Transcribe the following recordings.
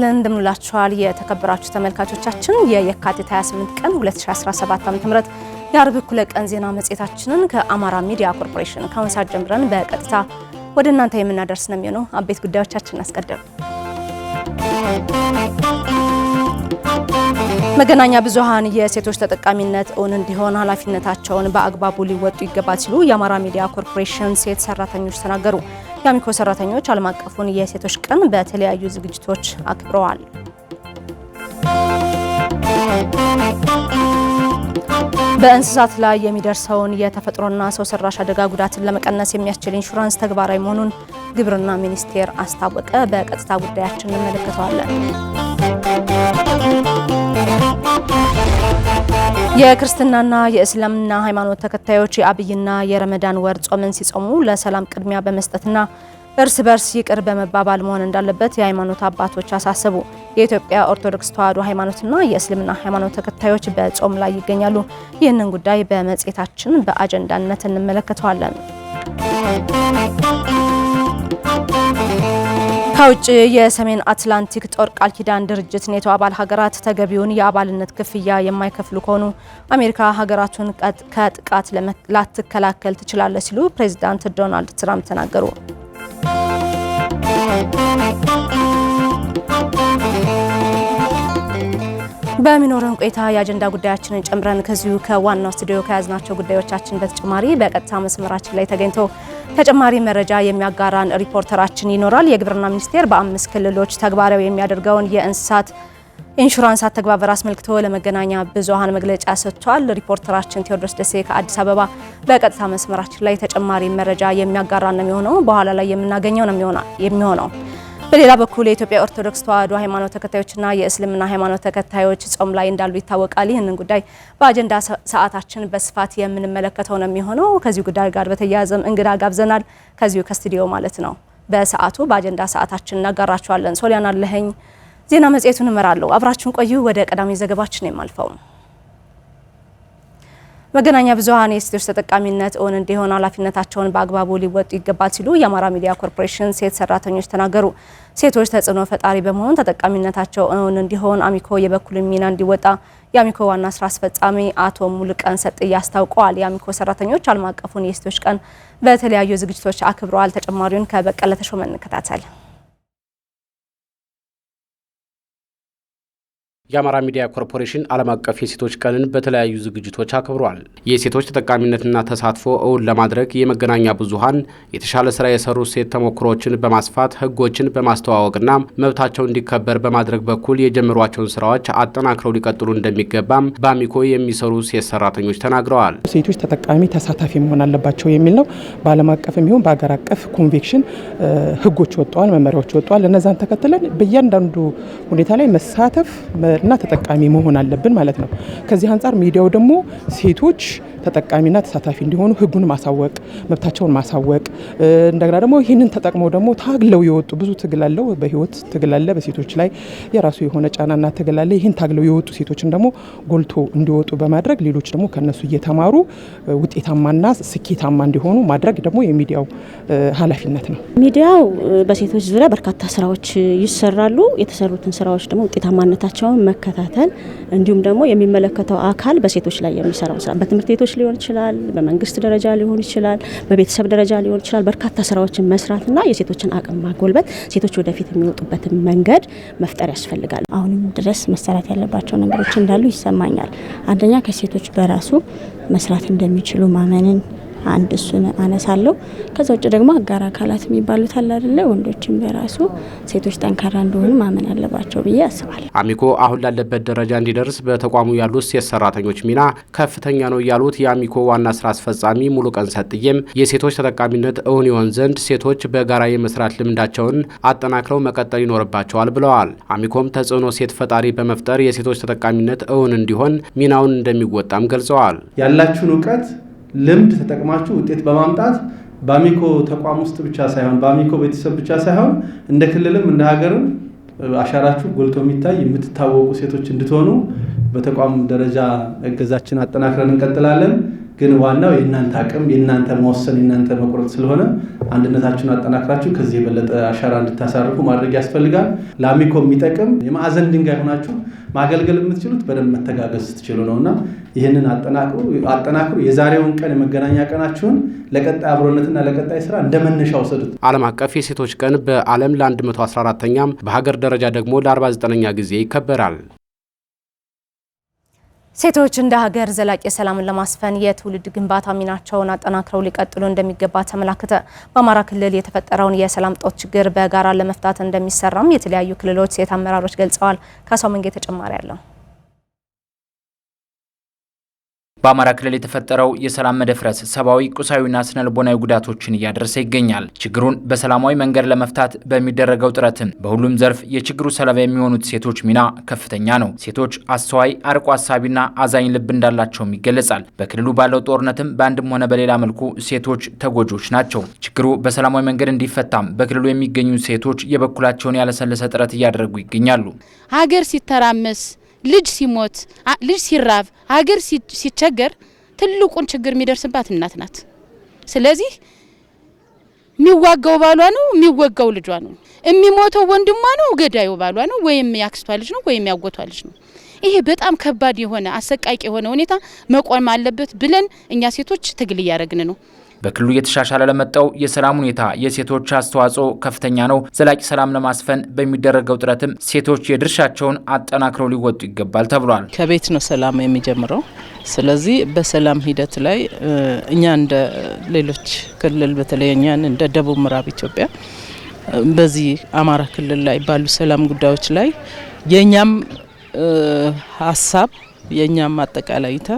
ይስጥልን እንደምንላችኋል የተከበራችሁ ተመልካቾቻችን የየካቲት 28 ቀን 2017 ዓ.ም የአርብ እኩለ ቀን ዜና መጽሔታችንን ከአማራ ሚዲያ ኮርፖሬሽን ከአሁን ሰዓት ጀምረን በቀጥታ ወደ እናንተ የምናደርስ ነው የሚሆነው። አበይት ጉዳዮቻችንን አስቀድም መገናኛ ብዙሃን የሴቶች ተጠቃሚነት እውን እንዲሆን ኃላፊነታቸውን በአግባቡ ሊወጡ ይገባል ሲሉ የአማራ ሚዲያ ኮርፖሬሽን ሴት ሰራተኞች ተናገሩ። የአሚኮ ሰራተኞች ዓለም አቀፉን የሴቶች ቀን በተለያዩ ዝግጅቶች አክብረዋል። በእንስሳት ላይ የሚደርሰውን የተፈጥሮና ሰው ሰራሽ አደጋ ጉዳትን ለመቀነስ የሚያስችል ኢንሹራንስ ተግባራዊ መሆኑን ግብርና ሚኒስቴር አስታወቀ። በቀጥታ ጉዳያችን እንመለከተዋለን። የክርስትናና የእስልምና ሃይማኖት ተከታዮች የአብይና የረመዳን ወር ጾምን ሲጾሙ ለሰላም ቅድሚያ በመስጠትና እርስ በርስ ይቅር በመባባል መሆን እንዳለበት የሃይማኖት አባቶች አሳሰቡ። የኢትዮጵያ ኦርቶዶክስ ተዋሕዶ ሃይማኖትና የእስልምና ሃይማኖት ተከታዮች በጾም ላይ ይገኛሉ። ይህንን ጉዳይ በመጽሔታችን በአጀንዳነት እንመለከተዋለን። ከውጭ የሰሜን አትላንቲክ ጦር ቃል ኪዳን ድርጅት ኔቶ አባል ሀገራት ተገቢውን የአባልነት ክፍያ የማይከፍሉ ከሆኑ አሜሪካ ሀገራቱን ከጥቃት ላትከላከል ትችላለች ሲሉ ፕሬዚዳንት ዶናልድ ትራምፕ ተናገሩ። በሚኖረን ቆይታ የአጀንዳ ጉዳያችንን ጨምረን ከዚሁ ከዋናው ስቱዲዮ ከያዝናቸው ጉዳዮቻችን በተጨማሪ በቀጥታ መስመራችን ላይ ተገኝቶ ተጨማሪ መረጃ የሚያጋራን ሪፖርተራችን ይኖራል። የግብርና ሚኒስቴር በአምስት ክልሎች ተግባራዊ የሚያደርገውን የእንስሳት ኢንሹራንስ አተግባበር አስመልክቶ ለመገናኛ ብዙሃን መግለጫ ሰጥቷል። ሪፖርተራችን ቴዎድሮስ ደሴ ከአዲስ አበባ በቀጥታ መስመራችን ላይ ተጨማሪ መረጃ የሚያጋራ ነው የሚሆነው። በኋላ ላይ የምናገኘው ነው የሚሆነው። በሌላ በኩል የኢትዮጵያ ኦርቶዶክስ ተዋሕዶ ሃይማኖት ተከታዮችና የእስልምና ሃይማኖት ተከታዮች ጾም ላይ እንዳሉ ይታወቃል። ይህንን ጉዳይ በአጀንዳ ሰዓታችን በስፋት የምንመለከተው ነው የሚሆነው። ከዚሁ ጉዳይ ጋር በተያያዘም እንግዳ ጋብዘናል፣ ከዚሁ ከስቱዲዮ ማለት ነው። በሰዓቱ በአጀንዳ ሰዓታችን እናጋራችኋለን። ሶሊያና አለኸኝ ዜና መጽሔቱን እመራለሁ። አብራችሁን ቆዩ። ወደ ቀዳሚ ዘገባችን የማልፈው መገናኛ ብዙሃን የሴቶች ተጠቃሚነት እውን እንዲሆን ኃላፊነታቸውን በአግባቡ ሊወጡ ይገባል ሲሉ የአማራ ሚዲያ ኮርፖሬሽን ሴት ሰራተኞች ተናገሩ። ሴቶች ተጽዕኖ ፈጣሪ በመሆን ተጠቃሚነታቸው እውን እንዲሆን አሚኮ የበኩልን ሚና እንዲወጣ የአሚኮ ዋና ስራ አስፈጻሚ አቶ ሙልቀን ሰጥዬ አስታውቀዋል። የአሚኮ ሰራተኞች ዓለም አቀፉን የሴቶች ቀን በተለያዩ ዝግጅቶች አክብረዋል። ተጨማሪውን ከበቀለ ተሾመ እንከታተል። የአማራ ሚዲያ ኮርፖሬሽን ዓለም አቀፍ የሴቶች ቀንን በተለያዩ ዝግጅቶች አክብሯል። የሴቶች ተጠቃሚነትና ተሳትፎ እውን ለማድረግ የመገናኛ ብዙሃን የተሻለ ስራ የሰሩ ሴት ተሞክሮችን በማስፋት ህጎችን በማስተዋወቅና መብታቸው እንዲከበር በማድረግ በኩል የጀመሯቸውን ስራዎች አጠናክረው ሊቀጥሉ እንደሚገባም በአሚኮ የሚሰሩ ሴት ሰራተኞች ተናግረዋል። ሴቶች ተጠቃሚ ተሳታፊ መሆን አለባቸው የሚል ነው። በዓለም አቀፍ የሚሆን በሀገር አቀፍ ኮንቬክሽን ህጎች ወጥተዋል፣ መመሪያዎች ወጥተዋል። እነዛን ተከትለን በእያንዳንዱ ሁኔታ ላይ መሳተፍ መውሰድና ተጠቃሚ መሆን አለብን ማለት ነው። ከዚህ አንጻር ሚዲያው ደግሞ ሴቶች ተጠቃሚና ተሳታፊ እንዲሆኑ ህጉን ማሳወቅ፣ መብታቸውን ማሳወቅ እንደገና ደግሞ ይህንን ተጠቅመው ደግሞ ታግለው የወጡ ብዙ ትግል አለው። በህይወት ትግል አለ። በሴቶች ላይ የራሱ የሆነ ጫናና ትግል አለ። ይህን ታግለው የወጡ ሴቶችን ደግሞ ጎልቶ እንዲወጡ በማድረግ ሌሎች ደግሞ ከነሱ እየተማሩ ውጤታማና ስኬታማ እንዲሆኑ ማድረግ ደግሞ የሚዲያው ኃላፊነት ነው። ሚዲያው በሴቶች ዙሪያ በርካታ ስራዎች ይሰራሉ። የተሰሩትን ስራዎች ደግሞ ውጤታማነታቸውን በመከታተል እንዲሁም ደግሞ የሚመለከተው አካል በሴቶች ላይ የሚሰራው ስራ በትምህርት ቤቶች ሊሆን ይችላል፣ በመንግስት ደረጃ ሊሆን ይችላል፣ በቤተሰብ ደረጃ ሊሆን ይችላል። በርካታ ስራዎችን መስራትና የሴቶችን አቅም ማጎልበት፣ ሴቶች ወደፊት የሚወጡበትን መንገድ መፍጠር ያስፈልጋል። አሁንም ድረስ መሰራት ያለባቸው ነገሮች እንዳሉ ይሰማኛል። አንደኛ ከሴቶች በራሱ መስራት እንደሚችሉ ማመንን አንድ እሱን አነሳለሁ። ከዛ ውጭ ደግሞ አጋር አካላት የሚባሉት አለ አደለ? ወንዶችም በራሱ ሴቶች ጠንካራ እንደሆኑ ማመን አለባቸው ብዬ አስባለሁ። አሚኮ አሁን ላለበት ደረጃ እንዲደርስ በተቋሙ ያሉት ሴት ሰራተኞች ሚና ከፍተኛ ነው ያሉት የአሚኮ ዋና ስራ አስፈጻሚ ሙሉ ቀን ሰጥዬም የሴቶች ተጠቃሚነት እውን ይሆን ዘንድ ሴቶች በጋራ የመስራት ልምዳቸውን አጠናክረው መቀጠል ይኖርባቸዋል ብለዋል። አሚኮም ተጽዕኖ ሴት ፈጣሪ በመፍጠር የሴቶች ተጠቃሚነት እውን እንዲሆን ሚናውን እንደሚወጣም ገልጸዋል። ያላችሁን እውቀት ልምድ ተጠቅማችሁ ውጤት በማምጣት በአሚኮ ተቋም ውስጥ ብቻ ሳይሆን በአሚኮ ቤተሰብ ብቻ ሳይሆን እንደ ክልልም እንደ ሀገርም አሻራችሁ ጎልቶ የሚታይ የምትታወቁ ሴቶች እንድትሆኑ በተቋም ደረጃ እገዛችን አጠናክረን እንቀጥላለን። ግን ዋናው የእናንተ አቅም፣ የእናንተ መወሰን፣ የእናንተ መቁረጥ ስለሆነ አንድነታችሁን አጠናክራችሁ ከዚህ የበለጠ አሻራ እንድታሳርፉ ማድረግ ያስፈልጋል። ለአሚኮ የሚጠቅም የማዕዘን ድንጋይ ሆናችሁ ማገልገል የምትችሉት በደንብ መተጋገዝ ስትችሉ ነው እና ይህንን አጠናክሩ አጠናክሩ። የዛሬውን ቀን የመገናኛ ቀናችሁን ለቀጣይ አብሮነትና ለቀጣይ ስራ እንደ መነሻ ውሰዱት። ዓለም አቀፍ የሴቶች ቀን በዓለም ለ114ኛም በሀገር ደረጃ ደግሞ ለ49ኛ ጊዜ ይከበራል። ሴቶች እንደ ሀገር ዘላቂ ሰላምን ለማስፈን የትውልድ ግንባታ ሚናቸውን አጠናክረው ሊቀጥሉ እንደሚገባ ተመላክተ። በአማራ ክልል የተፈጠረውን የሰላም ጦት ችግር በጋራ ለመፍታት እንደሚሰራም የተለያዩ ክልሎች ሴት አመራሮች ገልጸዋል። ከሰው መንጌ ተጨማሪ አለው። በአማራ ክልል የተፈጠረው የሰላም መደፍረስ ሰብአዊ ቁሳዊና ስነልቦናዊ ጉዳቶችን እያደረሰ ይገኛል። ችግሩን በሰላማዊ መንገድ ለመፍታት በሚደረገው ጥረትም በሁሉም ዘርፍ የችግሩ ሰለባ የሚሆኑት ሴቶች ሚና ከፍተኛ ነው። ሴቶች አስተዋይ፣ አርቆ አሳቢና አዛኝ ልብ እንዳላቸውም ይገለጻል። በክልሉ ባለው ጦርነትም በአንድም ሆነ በሌላ መልኩ ሴቶች ተጎጂዎች ናቸው። ችግሩ በሰላማዊ መንገድ እንዲፈታም በክልሉ የሚገኙ ሴቶች የበኩላቸውን ያለሰለሰ ጥረት እያደረጉ ይገኛሉ። ሀገር ሲተራመስ ልጅ ሲሞት፣ ልጅ ሲራብ፣ ሀገር ሲቸገር ትልቁን ችግር የሚደርስባት እናት ናት። ስለዚህ የሚዋጋው ባሏ ነው፣ የሚወጋው ልጇ ነው። የሚሞተው ወንድሟ ነው፣ ገዳዩ ባሏ ነው፣ ወይም ያክስቷ ልጅ ነው፣ ወይም ያጎቷ ልጅ ነው። ይሄ በጣም ከባድ የሆነ አሰቃቂ የሆነ ሁኔታ መቆም አለበት ብለን እኛ ሴቶች ትግል እያደረግን ነው። በክልሉ እየተሻሻለ ለመጣው የሰላም ሁኔታ የሴቶች አስተዋጽኦ ከፍተኛ ነው። ዘላቂ ሰላም ለማስፈን በሚደረገው ጥረትም ሴቶች የድርሻቸውን አጠናክረው ሊወጡ ይገባል ተብሏል። ከቤት ነው ሰላም የሚጀምረው። ስለዚህ በሰላም ሂደት ላይ እኛ እንደ ሌሎች ክልል በተለይ እኛን እንደ ደቡብ ምዕራብ ኢትዮጵያ በዚህ አማራ ክልል ላይ ባሉ ሰላም ጉዳዮች ላይ የእኛም ሀሳብ የእኛም አጠቃላይታ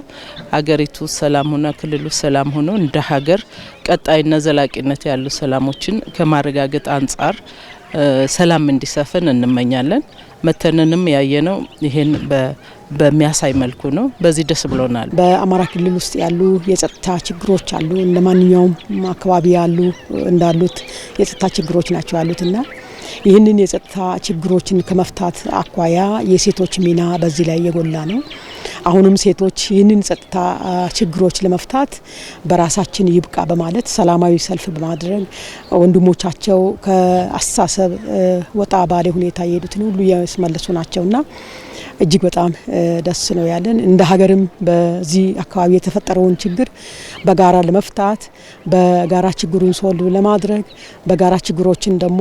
ሀገሪቱ ሰላም ሆና ክልሉ ሰላም ሆኖ እንደ ሀገር ቀጣይና ዘላቂነት ያሉ ሰላሞችን ከማረጋገጥ አንጻር ሰላም እንዲሰፍን እንመኛለን። መተንንም ያየነው ይሄን በሚያሳይ መልኩ ነው። በዚህ ደስ ብሎናል። በአማራ ክልል ውስጥ ያሉ የጸጥታ ችግሮች አሉ። እንደ ማንኛውም አካባቢ ያሉ እንዳሉት የጸጥታ ችግሮች ናቸው እና ይህንን የጸጥታ ችግሮችን ከመፍታት አኳያ የሴቶች ሚና በዚህ ላይ የጎላ ነው። አሁንም ሴቶች ይህንን ጸጥታ ችግሮች ለመፍታት በራሳችን ይብቃ በማለት ሰላማዊ ሰልፍ በማድረግ ወንድሞቻቸው ከአስተሳሰብ ወጣ ባለ ሁኔታ የሄዱትን ሁሉ እያስመለሱ ናቸውና እጅግ በጣም ደስ ነው ያለን። እንደ ሀገርም በዚህ አካባቢ የተፈጠረውን ችግር በጋራ ለመፍታት በጋራ ችግሩን ሶልቭ ለማድረግ በጋራ ችግሮችን ደግሞ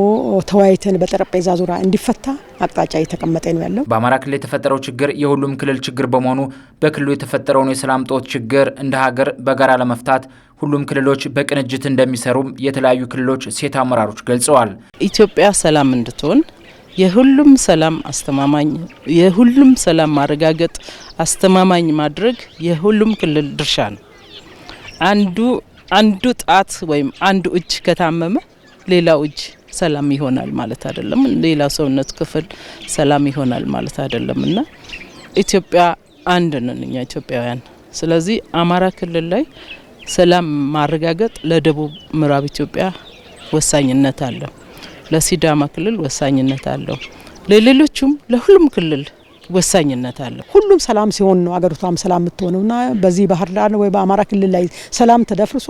ተወያይተን በጠረጴዛ ዙሪያ እንዲፈታ አቅጣጫ የተቀመጠ ነው ያለው። በአማራ ክልል የተፈጠረው ችግር የሁሉም ክልል ችግር በመሆኑ በክልሉ የተፈጠረውን የሰላም ጦት ችግር እንደ ሀገር በጋራ ለመፍታት ሁሉም ክልሎች በቅንጅት እንደሚሰሩም የተለያዩ ክልሎች ሴት አመራሮች ገልጸዋል። ኢትዮጵያ ሰላም እንድትሆን የሁሉም ሰላም አስተማማኝ የሁሉም ሰላም ማረጋገጥ አስተማማኝ ማድረግ የሁሉም ክልል ድርሻ ነው። አንዱ አንዱ ጣት ወይም አንዱ እጅ ከታመመ ሌላው እጅ ሰላም ይሆናል ማለት አይደለም። ሌላ ሰውነት ክፍል ሰላም ይሆናል ማለት አይደለም እና ኢትዮጵያ አንድ ነን እኛ ኢትዮጵያውያን። ስለዚህ አማራ ክልል ላይ ሰላም ማረጋገጥ ለደቡብ ምዕራብ ኢትዮጵያ ወሳኝነት አለው። ለሲዳማ ክልል ወሳኝነት አለው። ለሌሎችም ለሁሉም ክልል ወሳኝነት አለው። ሁሉም ሰላም ሲሆን ነው አገሪቷም ሰላም የምትሆነው እና በዚህ ባህር ዳር ወይ በአማራ ክልል ላይ ሰላም ተደፍርሶ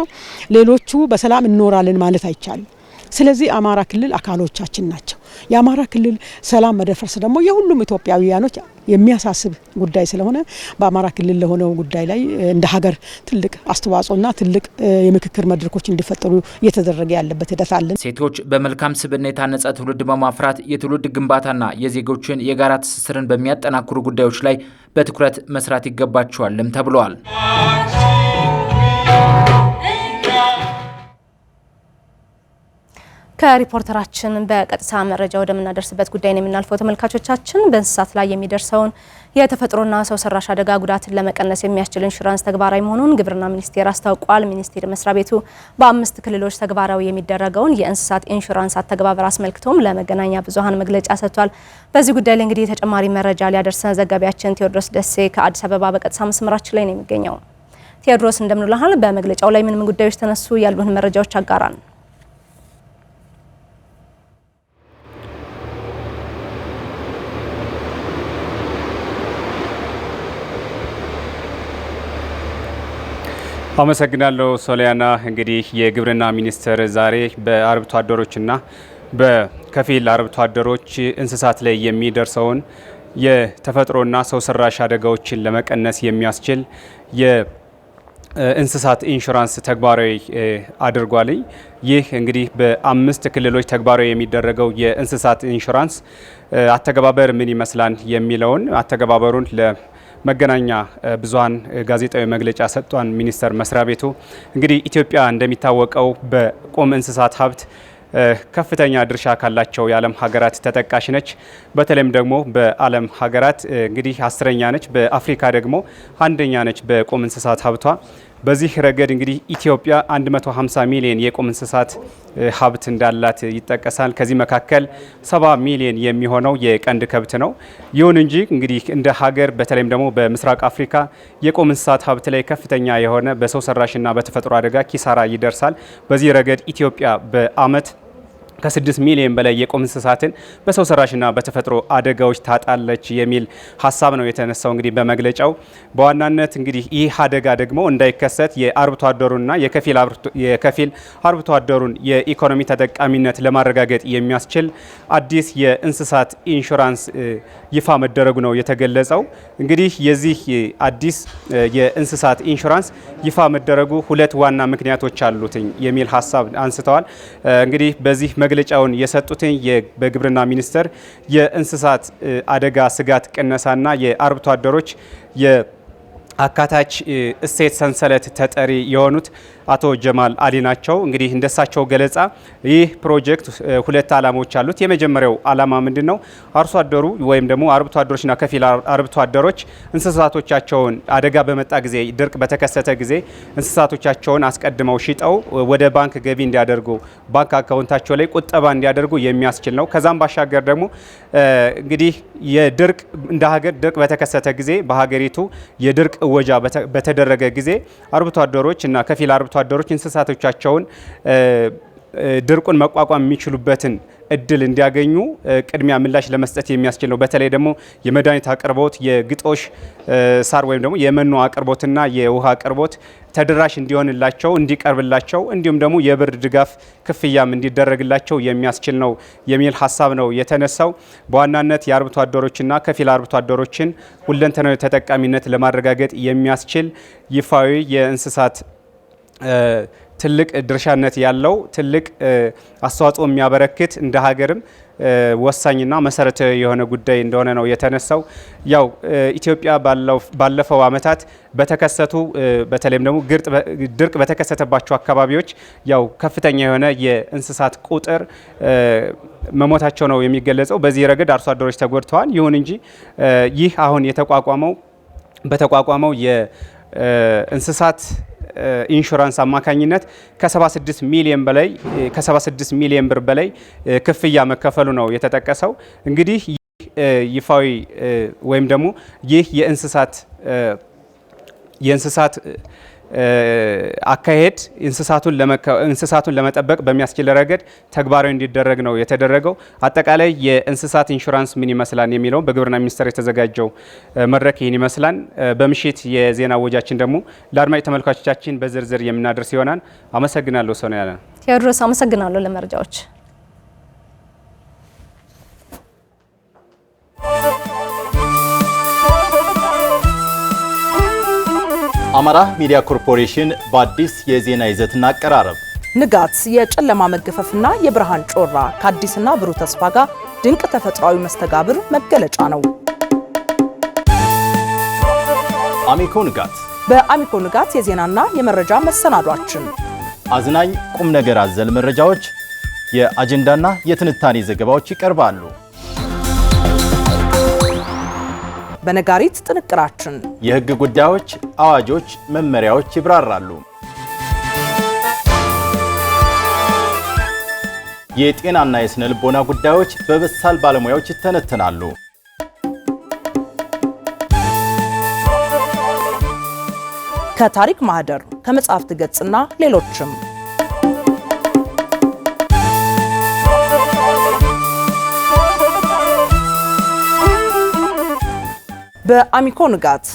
ሌሎቹ በሰላም እንኖራለን ማለት አይቻልም። ስለዚህ አማራ ክልል አካሎቻችን ናቸው። የአማራ ክልል ሰላም መደፈርስ ደግሞ የሁሉም ኢትዮጵያውያኖች የሚያሳስብ ጉዳይ ስለሆነ በአማራ ክልል ለሆነው ጉዳይ ላይ እንደ ሀገር ትልቅ አስተዋጽኦና ትልቅ የምክክር መድረኮች እንዲፈጠሩ እየተደረገ ያለበት ሂደት አለን። ሴቶች በመልካም ስብዕና የታነጸ ትውልድ በማፍራት የትውልድ ግንባታና የዜጎችን የጋራ ትስስርን በሚያጠናክሩ ጉዳዮች ላይ በትኩረት መስራት ይገባቸዋልም ተብለዋል። ከሪፖርተራችን በቀጥታ መረጃ ወደምናደርስበት ጉዳይ ነው የምናልፈው። ተመልካቾቻችን በእንስሳት ላይ የሚደርሰውን የተፈጥሮና ሰው ሰራሽ አደጋ ጉዳትን ለመቀነስ የሚያስችል ኢንሹራንስ ተግባራዊ መሆኑን ግብርና ሚኒስቴር አስታውቋል። ሚኒስቴር መስሪያ ቤቱ በአምስት ክልሎች ተግባራዊ የሚደረገውን የእንስሳት ኢንሹራንስ አተገባበር አስመልክቶም ለመገናኛ ብዙኃን መግለጫ ሰጥቷል። በዚህ ጉዳይ ላይ እንግዲህ ተጨማሪ መረጃ ሊያደርሰን ዘጋቢያችን ቴዎድሮስ ደሴ ከአዲስ አበባ በቀጥታ መስመራችን ላይ ነው የሚገኘው። ቴዎድሮስ እንደምንላሃል። በመግለጫው ላይ ምንም ጉዳዮች ተነሱ? ያሉን መረጃዎች አጋራን። አመሰግናለሁ ሶሊያና። እንግዲህ የግብርና ሚኒስቴር ዛሬ በአርብቶ አደሮችና በከፊል አርብቶ አደሮች እንስሳት ላይ የሚደርሰውን የተፈጥሮና ሰው ሰራሽ አደጋዎችን ለመቀነስ የሚያስችል የእንስሳት ኢንሹራንስ ተግባራዊ አድርጓልኝ። ይህ እንግዲህ በአምስት ክልሎች ተግባራዊ የሚደረገው የእንስሳት ኢንሹራንስ አተገባበር ምን ይመስላል የሚለውን አተገባበሩን መገናኛ ብዙሃን ጋዜጣዊ መግለጫ ሰጥቷን ሚኒስቴር መስሪያ ቤቱ እንግዲህ ኢትዮጵያ እንደሚታወቀው በቁም እንስሳት ሀብት ከፍተኛ ድርሻ ካላቸው የዓለም ሀገራት ተጠቃሽ ነች። በተለይም ደግሞ በዓለም ሀገራት እንግዲህ አስረኛ ነች፣ በአፍሪካ ደግሞ አንደኛ ነች በቁም እንስሳት ሀብቷ በዚህ ረገድ እንግዲህ ኢትዮጵያ 150 ሚሊዮን የቁም እንስሳት ሀብት እንዳላት ይጠቀሳል። ከዚህ መካከል 70 ሚሊዮን የሚሆነው የቀንድ ከብት ነው። ይሁን እንጂ እንግዲህ እንደ ሀገር በተለይም ደግሞ በምስራቅ አፍሪካ የቁም እንስሳት ሀብት ላይ ከፍተኛ የሆነ በሰው ሰራሽና በተፈጥሮ አደጋ ኪሳራ ይደርሳል። በዚህ ረገድ ኢትዮጵያ በአመት ከስድስት ሚሊዮን በላይ የቁም እንስሳትን በሰው ሰራሽና በተፈጥሮ አደጋዎች ታጣለች የሚል ሀሳብ ነው የተነሳው እንግዲህ በመግለጫው በዋናነት እንግዲህ ይህ አደጋ ደግሞ እንዳይከሰት የአርብቶ የከፊል አርብቶ አደሩን የኢኮኖሚ ተጠቃሚነት ለማረጋገጥ የሚያስችል አዲስ የእንስሳት ኢንሹራንስ ይፋ መደረጉ ነው የተገለጸው። እንግዲህ የዚህ አዲስ የእንስሳት ኢንሹራንስ ይፋ መደረጉ ሁለት ዋና ምክንያቶች አሉትኝ የሚል ሀሳብ አንስተዋል። እንግዲህ በዚህ መግለጫውን የሰጡትን በግብርና ሚኒስቴር የእንስሳት አደጋ ስጋት ቅነሳና የአርብቶ አደሮች አካታች እሴት ሰንሰለት ተጠሪ የሆኑት አቶ ጀማል አሊ ናቸው። እንግዲህ እንደሳቸው ገለጻ ይህ ፕሮጀክት ሁለት ዓላማዎች አሉት። የመጀመሪያው ዓላማ ምንድን ነው? አርሶ አደሩ ወይም ደግሞ አርብቶ አደሮችና ከፊል አርብቶ አደሮች እንስሳቶቻቸውን አደጋ በመጣ ጊዜ፣ ድርቅ በተከሰተ ጊዜ እንስሳቶቻቸውን አስቀድመው ሽጠው ወደ ባንክ ገቢ እንዲያደርጉ፣ ባንክ አካውንታቸው ላይ ቁጠባ እንዲያደርጉ የሚያስችል ነው። ከዛም ባሻገር ደግሞ እንግዲህ የድርቅ እንደ ሀገር ድርቅ በተከሰተ ጊዜ በሀገሪቱ የድርቅ እወጃ በተደረገ ጊዜ አርብቶ አደሮች እና ከፊል አርብቶ አደሮች እንስሳቶቻቸውን ድርቁን መቋቋም የሚችሉበትን እድል እንዲያገኙ ቅድሚያ ምላሽ ለመስጠት የሚያስችል ነው። በተለይ ደግሞ የመድኃኒት አቅርቦት፣ የግጦሽ ሳር ወይም ደግሞ የመኖ አቅርቦትና የውሃ አቅርቦት ተደራሽ እንዲሆንላቸው እንዲቀርብላቸው፣ እንዲሁም ደግሞ የብር ድጋፍ ክፍያም እንዲደረግላቸው የሚያስችል ነው የሚል ሀሳብ ነው የተነሳው። በዋናነት የአርብቶ አደሮችና ከፊል አርብቶ አደሮችን ሁለንተናዊ ተጠቃሚነት ለማረጋገጥ የሚያስችል ይፋዊ የእንስሳት ትልቅ ድርሻነት ያለው ትልቅ አስተዋጽኦ የሚያበረክት እንደ ሀገርም ወሳኝና መሰረታዊ የሆነ ጉዳይ እንደሆነ ነው የተነሳው። ያው ኢትዮጵያ ባለፈው ዓመታት በተከሰቱ በተለይም ደግሞ ድርቅ በተከሰተባቸው አካባቢዎች ያው ከፍተኛ የሆነ የእንስሳት ቁጥር መሞታቸው ነው የሚገለጸው። በዚህ ረገድ አርሶ አደሮች ተጎድተዋል። ይሁን እንጂ ይህ አሁን የተቋቋመው በተቋቋመው የእንስሳት ኢንሹራንስ አማካኝነት ከ76 ሚሊዮን በላይ ከ76 ሚሊዮን ብር በላይ ክፍያ መከፈሉ ነው የተጠቀሰው። እንግዲህ ይህ ይፋዊ ወይም ደግሞ ይህ የእንስሳት የእንስሳት አካሄድ እንስሳቱን እንስሳቱን ለመጠበቅ በሚያስችል ረገድ ተግባራዊ እንዲደረግ ነው የተደረገው። አጠቃላይ የእንስሳት ኢንሹራንስ ምን ይመስላል የሚለውም በግብርና ሚኒስቴር የተዘጋጀው መድረክ ይህን ይመስላል። በምሽት የዜና ወጃችን ደግሞ ለአድማጭ ተመልካቾቻችን በዝርዝር የምናደርስ ይሆናል። አመሰግናለሁ። ሰው ነው ያለ ቴዎድሮስ። አመሰግናለሁ ለመረጃዎች። አማራ ሚዲያ ኮርፖሬሽን በአዲስ የዜና ይዘትና አቀራረብ ንጋት፣ የጨለማ መገፈፍና የብርሃን ጮራ ከአዲስና ብሩህ ተስፋ ጋር ድንቅ ተፈጥሯዊ መስተጋብር መገለጫ ነው። አሚኮ ንጋት በአሚኮ ንጋት የዜናና የመረጃ መሰናዷችን አዝናኝ ቁም ነገር አዘል መረጃዎች፣ የአጀንዳና የትንታኔ ዘገባዎች ይቀርባሉ። በነጋሪት ጥንቅራችን የህግ ጉዳዮች፣ አዋጆች፣ መመሪያዎች ይብራራሉ። የጤናና የስነ ልቦና ጉዳዮች በበሳል ባለሙያዎች ይተነትናሉ። ከታሪክ ማህደር ከመጽሐፍት ገጽና ሌሎችም በአሚኮ ንጋት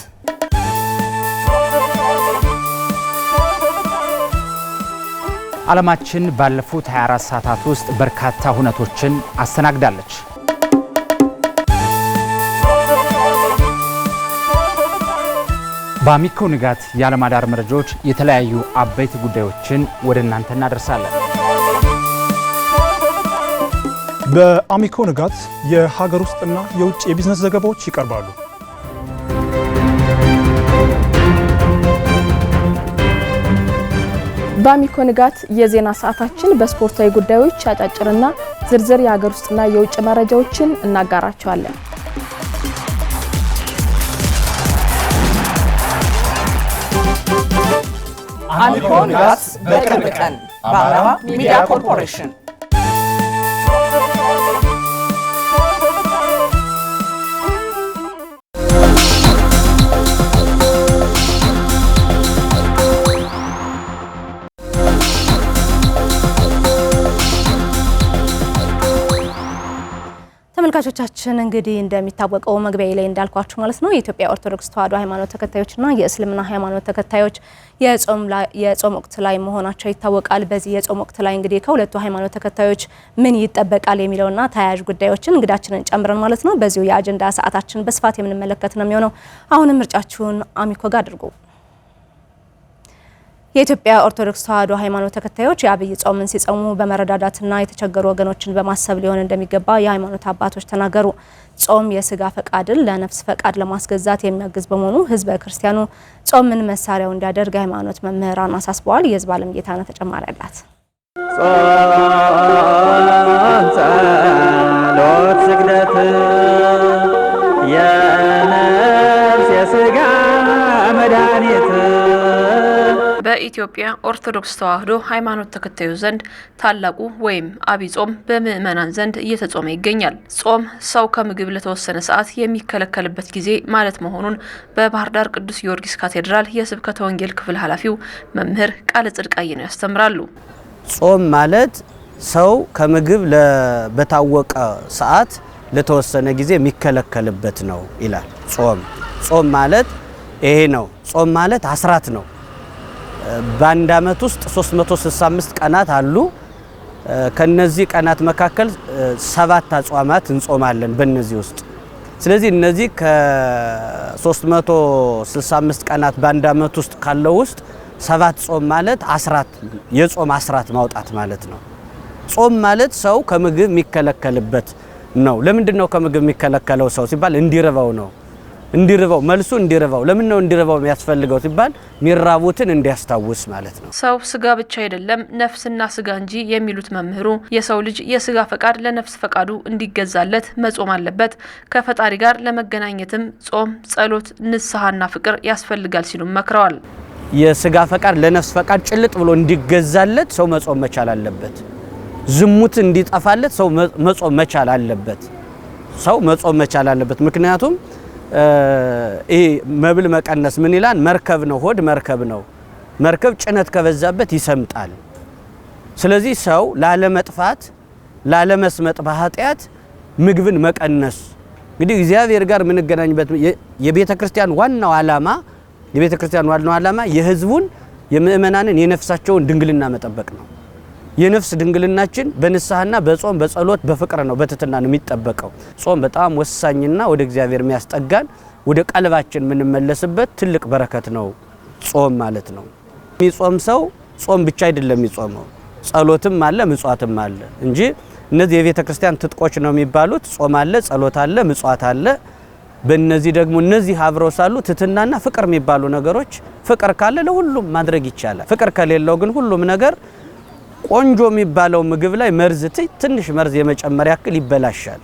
ዓለማችን ባለፉት 24 ሰዓታት ውስጥ በርካታ ሁነቶችን አስተናግዳለች። በአሚኮ ንጋት የዓለም አዳር መረጃዎች የተለያዩ አበይት ጉዳዮችን ወደ እናንተ እናደርሳለን። በአሚኮ ንጋት የሀገር ውስጥና የውጭ የቢዝነስ ዘገባዎች ይቀርባሉ። በአሚኮ ንጋት የዜና ሰዓታችን በስፖርታዊ ጉዳዮች አጫጭርና ዝርዝር የሀገር ውስጥና የውጭ መረጃዎችን እናጋራቸዋለን። አሚኮ ንጋት በቅርብ ቀን በአማራ ሚዲያ ኮርፖሬሽን ተመልካቾቻችን እንግዲህ እንደሚታወቀው መግቢያ ላይ እንዳልኳችሁ ማለት ነው የኢትዮጵያ ኦርቶዶክስ ተዋህዶ ሃይማኖት ተከታዮችና የእስልምና ሃይማኖት ተከታዮች የጾም ወቅት ላይ መሆናቸው ይታወቃል። በዚህ የጾም ወቅት ላይ እንግዲህ ከሁለቱ ሃይማኖት ተከታዮች ምን ይጠበቃል የሚለውና ተያያዥ ጉዳዮችን እንግዳችንን ጨምረን ማለት ነው በዚሁ የአጀንዳ ሰዓታችን በስፋት የምንመለከት ነው የሚሆነው። አሁንም ምርጫችሁን አሚኮ ጋር አድርጉ። የኢትዮጵያ ኦርቶዶክስ ተዋሕዶ ሃይማኖት ተከታዮች የአብይ ጾምን ሲጾሙ በመረዳዳትና የተቸገሩ ወገኖችን በማሰብ ሊሆን እንደሚገባ የሃይማኖት አባቶች ተናገሩ። ጾም የስጋ ፈቃድን ለነፍስ ፈቃድ ለማስገዛት የሚያግዝ በመሆኑ ህዝበ ክርስቲያኑ ጾምን መሳሪያው እንዲያደርግ የሃይማኖት መምህራን አሳስበዋል። የህዝብ አለም ጌታነ ተጨማሪ አላት። ጸሎት ስግደት የነፍስ የስጋ መድኃኒት በኢትዮጵያ ኦርቶዶክስ ተዋሕዶ ሃይማኖት ተከታዮች ዘንድ ታላቁ ወይም አብይ ጾም በምዕመናን ዘንድ እየተጾመ ይገኛል። ጾም ሰው ከምግብ ለተወሰነ ሰዓት የሚከለከልበት ጊዜ ማለት መሆኑን በባህር ዳር ቅዱስ ጊዮርጊስ ካቴድራል የስብከተ ወንጌል ክፍል ኃላፊው መምህር ቃለ ጽድቃይ ነው ያስተምራሉ። ጾም ማለት ሰው ከምግብ በታወቀ ሰዓት ለተወሰነ ጊዜ የሚከለከልበት ነው ይላል። ጾም ጾም ማለት ይሄ ነው። ጾም ማለት አስራት ነው። በአንድ አመት ውስጥ 365 ቀናት አሉ። ከነዚህ ቀናት መካከል ሰባት አጽዋማት እንጾማለን በነዚህ ውስጥ። ስለዚህ እነዚህ ከ365 ቀናት በአንድ አመት ውስጥ ካለው ውስጥ ሰባት ጾም ማለት አስራት የጾም አስራት ማውጣት ማለት ነው። ጾም ማለት ሰው ከምግብ የሚከለከልበት ነው። ለምንድን ነው ከምግብ የሚከለከለው ሰው ሲባል እንዲረባው ነው። እንዲርበው መልሱ እንዲርበው። ለምን ነው እንዲርበው የሚያስፈልገው ሲባል ሚራቦትን እንዲያስታውስ ማለት ነው። ሰው ስጋ ብቻ አይደለም ነፍስና ስጋ እንጂ የሚሉት መምህሩ የሰው ልጅ የስጋ ፈቃድ ለነፍስ ፈቃዱ እንዲገዛለት መጾም አለበት። ከፈጣሪ ጋር ለመገናኘትም ጾም፣ ጸሎት፣ ንስሐና ፍቅር ያስፈልጋል ሲሉም መክረዋል። የስጋ ፈቃድ ለነፍስ ፈቃድ ጭልጥ ብሎ እንዲገዛለት ሰው መጾም መቻል አለበት። ዝሙት እንዲጠፋለት ሰው መጾም መቻል አለበት። ሰው መጾም መቻል አለበት። ምክንያቱም ይሄ መብል መቀነስ ምን ይላል? መርከብ ነው። ሆድ መርከብ ነው። መርከብ ጭነት ከበዛበት ይሰምጣል። ስለዚህ ሰው ላለመጥፋት፣ ላለመስመጥ በኃጢአት ምግብን መቀነስ እንግዲህ እግዚአብሔር ጋር የምንገናኝበት የቤተ ክርስቲያን ዋናው ዓላማ የቤተ ክርስቲያን ዋናው ዓላማ የሕዝቡን የምእመናንን የነፍሳቸውን ድንግልና መጠበቅ ነው። የነፍስ ድንግልናችን በንስሐና በጾም በጸሎት በፍቅር ነው፣ በትትና ነው የሚጠበቀው። ጾም በጣም ወሳኝና ወደ እግዚአብሔር የሚያስጠጋን ወደ ቀልባችን የምንመለስበት ትልቅ በረከት ነው ጾም ማለት ነው። የሚጾም ሰው ጾም ብቻ አይደለም የሚጾመው፣ ጸሎትም አለ ምጽዋትም አለ እንጂ እነዚህ የቤተ ክርስቲያን ትጥቆች ነው የሚባሉት። ጾም አለ፣ ጸሎት አለ፣ ምጽዋት አለ። በእነዚህ ደግሞ እነዚህ አብረው ሳሉ ትትናና ፍቅር የሚባሉ ነገሮች፣ ፍቅር ካለ ለሁሉም ማድረግ ይቻላል። ፍቅር ከሌለው ግን ሁሉም ነገር ቆንጆ የሚባለው ምግብ ላይ መርዝ ትንሽ መርዝ የመጨመር ያክል ይበላሻል።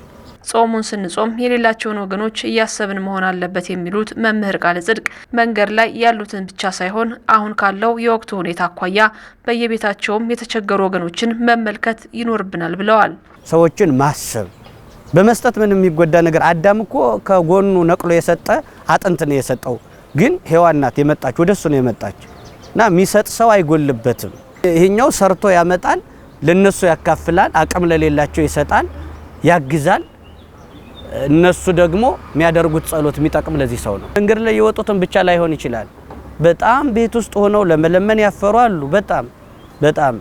ጾሙን ስንጾም የሌላቸውን ወገኖች እያሰብን መሆን አለበት የሚሉት መምህር ቃለ ጽድቅ መንገድ ላይ ያሉትን ብቻ ሳይሆን አሁን ካለው የወቅቱ ሁኔታ አኳያ በየቤታቸውም የተቸገሩ ወገኖችን መመልከት ይኖርብናል ብለዋል። ሰዎችን ማሰብ በመስጠት ምን የሚጎዳ ነገር፣ አዳም እኮ ከጎኑ ነቅሎ የሰጠ አጥንት ነው የሰጠው፣ ግን ሔዋን ናት የመጣች ወደ እሱ ነው የመጣች እና የሚሰጥ ሰው አይጎልበትም። ይሄኛው ሰርቶ ያመጣል፣ ለነሱ ያካፍላል፣ አቅም ለሌላቸው ይሰጣል፣ ያግዛል። እነሱ ደግሞ የሚያደርጉት ጸሎት የሚጠቅም ለዚህ ሰው ነው። መንገድ ላይ የወጡትን ብቻ ላይሆን ይችላል። በጣም ቤት ውስጥ ሆነው ለመለመን ያፈሩ አሉ። በጣም በጣም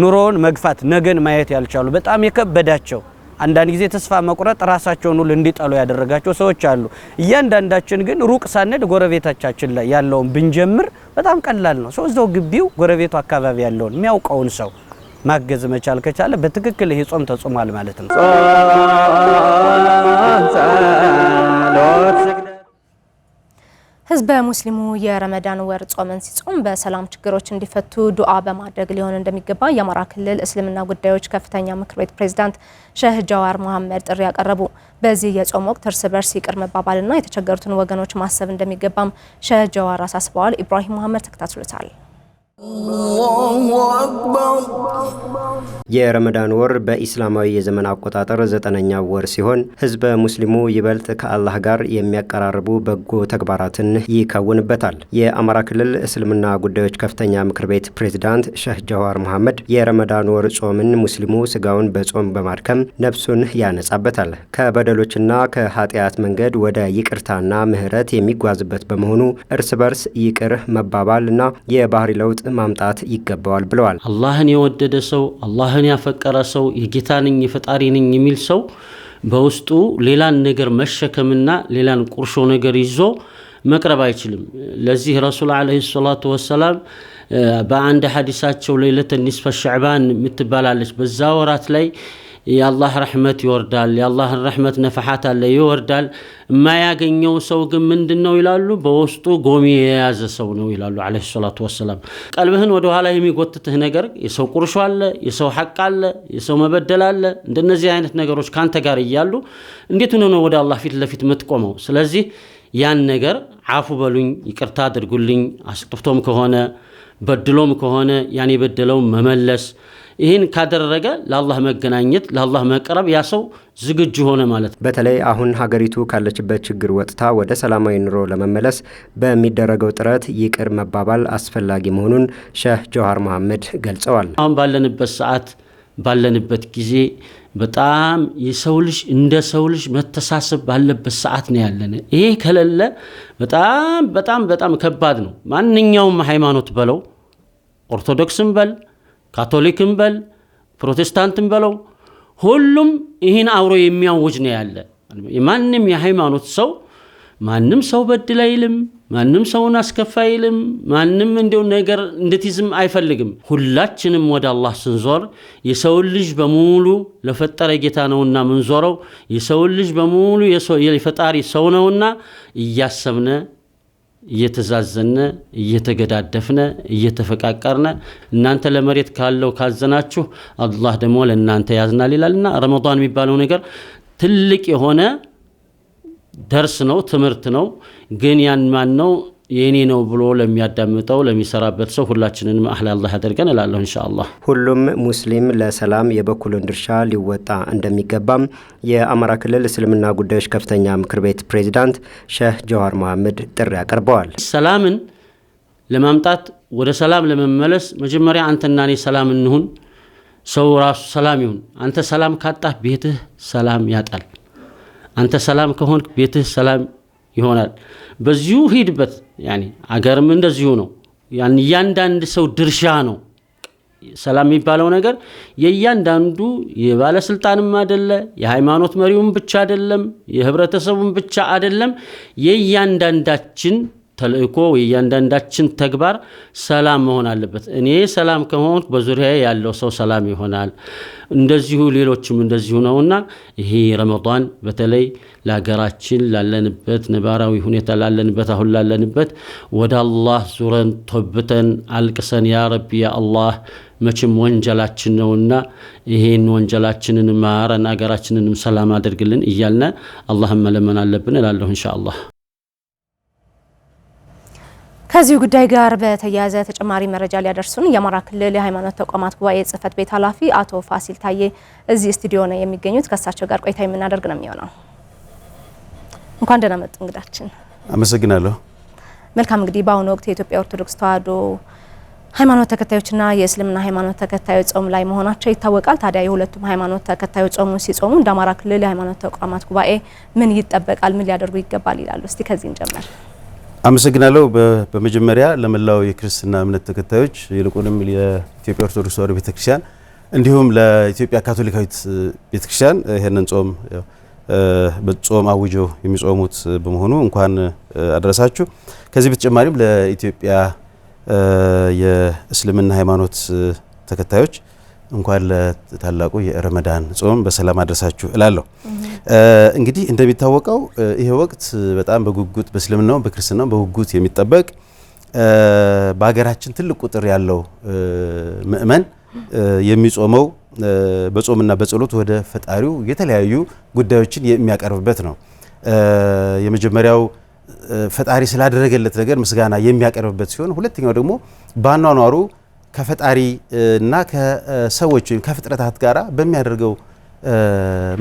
ኑሮውን መግፋት ነገን ማየት ያልቻሉ በጣም የከበዳቸው አንዳንድ ጊዜ ተስፋ መቁረጥ ራሳቸውን ሁሉ እንዲጠሉ ያደረጋቸው ሰዎች አሉ። እያንዳንዳችን ግን ሩቅ ሳንሄድ ጎረቤቶቻችን ላይ ያለውን ብንጀምር በጣም ቀላል ነው። ሰው እዛው ግቢው ጎረቤቱ አካባቢ ያለውን የሚያውቀውን ሰው ማገዝ መቻል ከቻለ በትክክል ይህ ጾም ተጾሟል ማለት ነው። ህዝበ ሙስሊሙ የረመዳን ወር ጾምን ሲጾም በሰላም ችግሮች እንዲፈቱ ዱዓ በማድረግ ሊሆን እንደሚገባ የአማራ ክልል እስልምና ጉዳዮች ከፍተኛ ምክር ቤት ፕሬዝዳንት ሸህ ጀዋር መሐመድ ጥሪ ያቀረቡ። በዚህ የጾም ወቅት እርስ በርስ ይቅር መባባልና የተቸገሩትን ወገኖች ማሰብ እንደሚገባም ሸህ ጀዋር አሳስበዋል። ኢብራሂም መሐመድ ተከታትሎታል። የረመዳን ወር በኢስላማዊ የዘመን አቆጣጠር ዘጠነኛ ወር ሲሆን ህዝበ ሙስሊሙ ይበልጥ ከአላህ ጋር የሚያቀራርቡ በጎ ተግባራትን ይከውንበታል። የአማራ ክልል እስልምና ጉዳዮች ከፍተኛ ምክር ቤት ፕሬዝዳንት ሼህ ጀዋር መሐመድ የረመዳን ወር ጾምን ሙስሊሙ ስጋውን በጾም በማድከም ነፍሱን ያነጻበታል፣ ከበደሎችና ከኃጢአት መንገድ ወደ ይቅርታና ምህረት የሚጓዝበት በመሆኑ እርስ በርስ ይቅር መባባል እና የባህሪ ለውጥ ማምጣት ይገባዋል ብለዋል። አላህን የወደደ ሰው፣ አላህን ያፈቀረ ሰው፣ የጌታ ነኝ የፈጣሪ ነኝ የሚል ሰው በውስጡ ሌላን ነገር መሸከምና ሌላን ቁርሾ ነገር ይዞ መቅረብ አይችልም። ለዚህ ረሱል ዓለይሂ ሰላቱ ወሰላም በአንድ ሐዲሳቸው ሌለተ ኒስፈ ሸዕባን የምትባላለች በዛ ወራት ላይ የአላህ ረሕመት ይወርዳል። የአላህን ረሕመት ነፍሓት አለ ይወርዳል። የማያገኘው ሰው ግን ምንድን ነው ይላሉ? በውስጡ ጎሚ የያዘ ሰው ነው ይላሉ ዓለይሂ ሰላቱ ወሰላም። ቀልብህን ወደኋላ የሚጎትትህ ነገር የሰው ቁርሾ አለ፣ የሰው ሐቅ አለ፣ የሰው መበደል አለ። እንደነዚህ አይነት ነገሮች ከአንተ ጋር እያሉ እንዴት ሆነ ነው ወደ አላህ ፊት ለፊት የምትቆመው? ስለዚህ ያን ነገር አፉ በሉኝ፣ ይቅርታ አድርጉልኝ፣ አስጥፍቶም ከሆነ በድሎም ከሆነ ያን የበደለው መመለስ ይህን ካደረገ ለአላህ መገናኘት ለአላህ መቅረብ ያ ሰው ዝግጁ ሆነ ማለት ነው። በተለይ አሁን ሀገሪቱ ካለችበት ችግር ወጥታ ወደ ሰላማዊ ኑሮ ለመመለስ በሚደረገው ጥረት ይቅር መባባል አስፈላጊ መሆኑን ሼህ ጀዋር መሐመድ ገልጸዋል። አሁን ባለንበት ሰዓት ባለንበት ጊዜ በጣም የሰው ልጅ እንደ ሰው ልጅ መተሳሰብ ባለበት ሰዓት ነው ያለን። ይሄ ከሌለ በጣም በጣም በጣም ከባድ ነው። ማንኛውም ሃይማኖት በለው ኦርቶዶክስም በል ካቶሊክም በል ፕሮቴስታንትም በለው ሁሉም ይህን አብሮ የሚያውጅ ነው ያለ። ማንም የሃይማኖት ሰው ማንም ሰው በድል አይልም፣ ማንም ሰውን አስከፋ አይልም፣ ማንም እንዲው ነገር እንድትይዝም አይፈልግም። ሁላችንም ወደ አላህ ስንዞር የሰውን ልጅ በሙሉ ለፈጠረ ጌታ ነውና ምንዞረው የሰውን ልጅ በሙሉ የፈጣሪ ሰው ነውና እያሰብነ እየተዛዘነ እየተገዳደፍነ እየተፈቃቀርነ እናንተ ለመሬት ካለው ካዘናችሁ አላህ ደግሞ ለእናንተ ያዝናል ይላልና ረመዳን የሚባለው ነገር ትልቅ የሆነ ደርስ ነው፣ ትምህርት ነው። ግን ያን ማን ነው የእኔ ነው ብሎ ለሚያዳምጠው ለሚሰራበት ሰው ሁላችንንም አህል አላህ ያደርገን እላለሁ። እንሻ ሁሉም ሙስሊም ለሰላም የበኩሉን ድርሻ ሊወጣ እንደሚገባም የአማራ ክልል እስልምና ጉዳዮች ከፍተኛ ምክር ቤት ፕሬዚዳንት ሼህ ጀዋር መሐመድ ጥሪ አቅርበዋል። ሰላምን ለማምጣት ወደ ሰላም ለመመለስ መጀመሪያ አንተና እኔ ሰላም እንሁን። ሰው ራሱ ሰላም ይሁን። አንተ ሰላም ካጣህ ቤትህ ሰላም ያጣል። አንተ ሰላም ከሆንክ ቤትህ ሰላም ይሆናል። በዚሁ ሂድበት። ያኔ አገርም እንደዚሁ ነው። ያን እያንዳንድ ሰው ድርሻ ነው። ሰላም የሚባለው ነገር የእያንዳንዱ የባለስልጣንም አደለ፣ የሃይማኖት መሪውም ብቻ አደለም፣ የህብረተሰቡም ብቻ አደለም፣ የእያንዳንዳችን ተልእኮ የእያንዳንዳችን ተግባር ሰላም መሆን አለበት። እኔ ሰላም ከሆን በዙሪያ ያለው ሰው ሰላም ይሆናል። እንደዚሁ ሌሎችም እንደዚሁ ነውና ይሄ ረመዳን በተለይ ለሀገራችን ላለንበት ነባራዊ ሁኔታ ላለንበት አሁን ላለንበት ወደ አላህ ዙረን ቶብተን አልቅሰን ያ ረቢ ያ አላህ መቼም ወንጀላችን ነውና ይሄን ወንጀላችንን ማረን፣ አገራችንንም ሰላም አድርግልን እያልነ አላህን መለመን አለብን እላለሁ። እንሻ አላህ ከዚሁ ጉዳይ ጋር በተያያዘ ተጨማሪ መረጃ ሊያደርሱን የአማራ ክልል የሃይማኖት ተቋማት ጉባኤ ጽህፈት ቤት ኃላፊ አቶ ፋሲል ታዬ እዚህ ስቱዲዮ ነው የሚገኙት። ከእሳቸው ጋር ቆይታ የምናደርግ ነው የሚሆነው። እንኳን ደህና መጡ እንግዳችን። አመሰግናለሁ። መልካም እንግዲህ በአሁኑ ወቅት የኢትዮጵያ ኦርቶዶክስ ተዋህዶ ሃይማኖት ተከታዮችና የእስልምና ሃይማኖት ተከታዮች ጾም ላይ መሆናቸው ይታወቃል። ታዲያ የሁለቱም ሃይማኖት ተከታዮች ጾሙ ሲጾሙ እንደ አማራ ክልል የሃይማኖት ተቋማት ጉባኤ ምን ይጠበቃል? ምን ሊያደርጉ ይገባል ይላሉ? እስቲ ከዚህ እንጀምር። አመሰግናለሁ። በመጀመሪያ ለመላው የክርስትና እምነት ተከታዮች ይልቁንም የኢትዮጵያ ኦርቶዶክስ ተዋሕዶ ቤተክርስቲያን እንዲሁም ለኢትዮጵያ ካቶሊካዊት ቤተክርስቲያን ይህንን ጾም በጾም አውጀው የሚጾሙት በመሆኑ እንኳን አደረሳችሁ። ከዚህ በተጨማሪም ለኢትዮጵያ የእስልምና ሃይማኖት ተከታዮች እንኳን ለታላቁ የረመዳን ጾም በሰላም አድረሳችሁ እላለሁ። እንግዲህ እንደሚታወቀው ይሄ ወቅት በጣም በጉጉት በእስልምናው በክርስትናው በጉጉት የሚጠበቅ በሀገራችን ትልቅ ቁጥር ያለው ምእመን የሚጾመው በጾምና በጸሎት ወደ ፈጣሪው የተለያዩ ጉዳዮችን የሚያቀርብበት ነው። የመጀመሪያው ፈጣሪ ስላደረገለት ነገር ምስጋና የሚያቀርብበት ሲሆን፣ ሁለተኛው ደግሞ በአኗኗሩ ከፈጣሪ እና ከሰዎች ወይም ከፍጥረታት ጋራ በሚያደርገው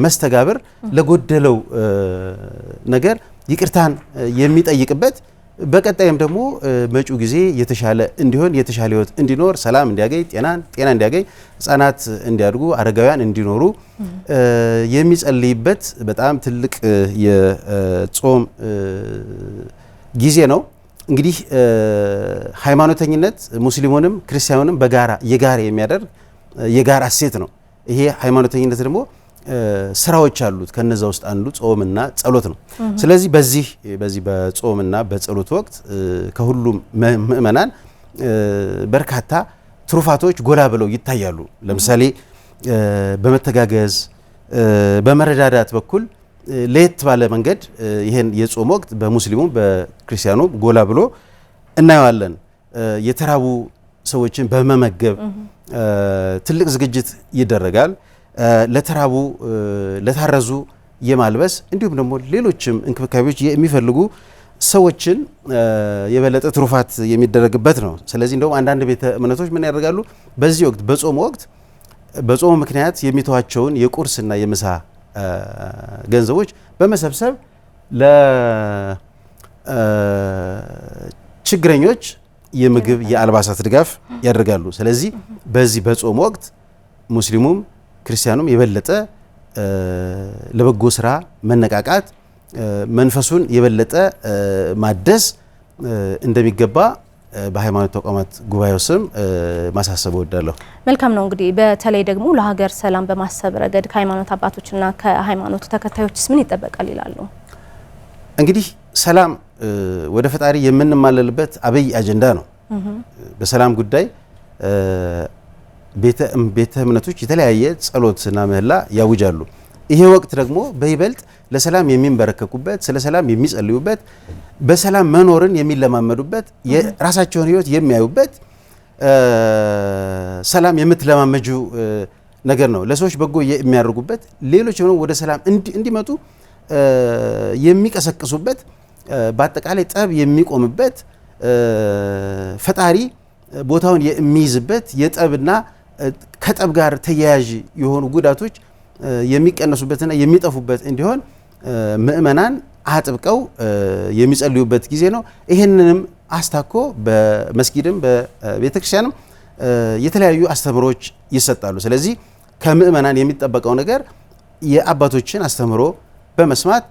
መስተጋብር ለጎደለው ነገር ይቅርታን የሚጠይቅበት በቀጣይም ደግሞ መጪው ጊዜ የተሻለ እንዲሆን የተሻለ ህይወት እንዲኖር ሰላም እንዲያገኝ ጤናን ጤና እንዲያገኝ ህጻናት እንዲያድጉ አረጋውያን እንዲኖሩ የሚጸልይበት በጣም ትልቅ የጾም ጊዜ ነው። እንግዲህ ሃይማኖተኝነት ሙስሊሙንም ክርስቲያኑንም በጋራ የጋራ የሚያደርግ የጋራ እሴት ነው። ይሄ ሃይማኖተኝነት ደግሞ ስራዎች አሉት። ከነዛ ውስጥ አንዱ ጾምና ጸሎት ነው። ስለዚህ በዚህ በዚህ በጾምና በጸሎት ወቅት ከሁሉም ምእመናን በርካታ ትሩፋቶች ጎላ ብለው ይታያሉ። ለምሳሌ በመተጋገዝ በመረዳዳት በኩል ለየት ባለ መንገድ ይህን የጾም ወቅት በሙስሊሙ በክርስቲያኑ ጎላ ብሎ እናየዋለን። የተራቡ ሰዎችን በመመገብ ትልቅ ዝግጅት ይደረጋል። ለተራቡ ለታረዙ የማልበስ እንዲሁም ደግሞ ሌሎችም እንክብካቤዎች የሚፈልጉ ሰዎችን የበለጠ ትሩፋት የሚደረግበት ነው። ስለዚህ እንደውም አንዳንድ ቤተ እምነቶች ምን ያደርጋሉ? በዚህ ወቅት በጾም ወቅት በጾሙ ምክንያት የሚተዋቸውን የቁርስና የምሳ ገንዘቦች በመሰብሰብ ለችግረኞች የምግብ የአልባሳት ድጋፍ ያደርጋሉ። ስለዚህ በዚህ በጾም ወቅት ሙስሊሙም ክርስቲያኑም የበለጠ ለበጎ ስራ መነቃቃት መንፈሱን የበለጠ ማደስ እንደሚገባ በሃይማኖት ተቋማት ጉባኤው ስም ማሳሰብ እወዳለሁ። መልካም ነው። እንግዲህ በተለይ ደግሞ ለሀገር ሰላም በማሰብ ረገድ ከሃይማኖት አባቶችና ከሃይማኖት ተከታዮችስ ምን ይጠበቃል ይላሉ? እንግዲህ ሰላም ወደ ፈጣሪ የምንማለልበት አብይ አጀንዳ ነው። በሰላም ጉዳይ ቤተ እምነቶች የተለያየ ጸሎትና ምህላ ያውጃሉ። ይሄ ወቅት ደግሞ በይበልጥ ለሰላም የሚንበረከኩበት፣ ስለ ሰላም የሚጸልዩበት፣ በሰላም መኖርን የሚለማመዱበት፣ የራሳቸውን ህይወት የሚያዩበት፣ ሰላም የምትለማመጁ ነገር ነው። ለሰዎች በጎ የሚያደርጉበት፣ ሌሎች ሆነው ወደ ሰላም እንዲመጡ የሚቀሰቅሱበት፣ በአጠቃላይ ጠብ የሚቆምበት፣ ፈጣሪ ቦታውን የሚይዝበት የጠብና ከጠብ ጋር ተያያዥ የሆኑ ጉዳቶች የሚቀነሱበትና የሚጠፉበት እንዲሆን ምእመናን አጥብቀው የሚጸልዩበት ጊዜ ነው። ይህንንም አስታኮ በመስጊድም በቤተክርስቲያንም የተለያዩ አስተምሮች ይሰጣሉ። ስለዚህ ከምእመናን የሚጠበቀው ነገር የአባቶችን አስተምሮ በመስማት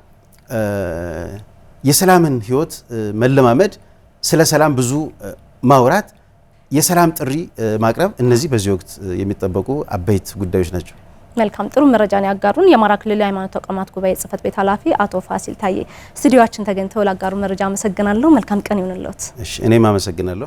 የሰላምን ሕይወት መለማመድ፣ ስለ ሰላም ብዙ ማውራት፣ የሰላም ጥሪ ማቅረብ እነዚህ በዚህ ወቅት የሚጠበቁ አበይት ጉዳዮች ናቸው። መልካም ጥሩ መረጃን ያጋሩን የአማራ ክልል የሃይማኖት ተቋማት ጉባኤ ጽህፈት ቤት ኃላፊ አቶ ፋሲል ታዬ ስቱዲዮአችን ተገኝተው ላጋሩ መረጃ አመሰግናለሁ። መልካም ቀን ይሁንልዎት። እሺ እኔም አመሰግናለሁ።